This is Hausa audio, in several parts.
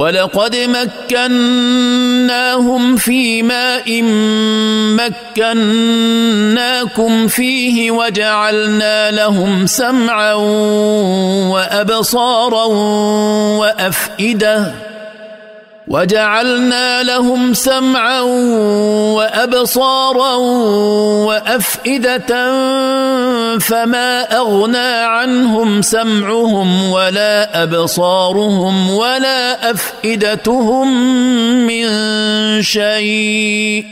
ولقد مكناهم في ماء مكناكم فيه وجعلنا لهم سمعا وابصارا وافئده وجعلنا لهم سمعا وابصارا وافئده فما اغنى عنهم سمعهم ولا ابصارهم ولا افئدتهم من شيء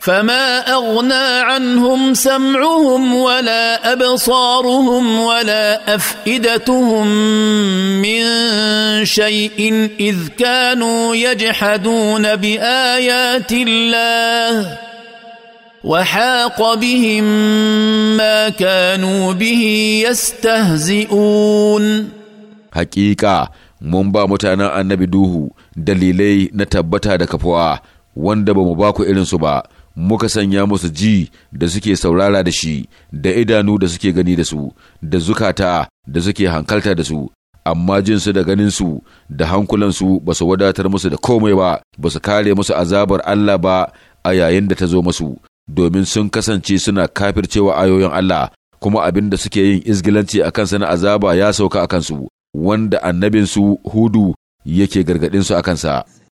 فما اغنى عنهم سمعهم ولا ابصارهم ولا افئدتهم من شيء اذ كانوا يجحدون بايات الله وحاق بهم ما كانوا به يستهزئون حقيقة mun ba mutanen annabi duhu dalilai na tabbata da kafuwa wanda ba mu ba ku irinsu ba muka sanya musu ji da suke saurara da shi da idanu da suke gani da su da zukata da suke hankalta da su amma jinsu da ganinsu da hankulansu ba su wadatar musu da komai ba ba su kare musu azabar Allah ba a yayin da ta zo musu. domin sun kasance suna kafircewa ayoyin Allah kuma abin da suke yin izgilanci a kansa na azaba ya sauka a kansu wanda annabinsu hudu yake gargaɗinsu a kansa.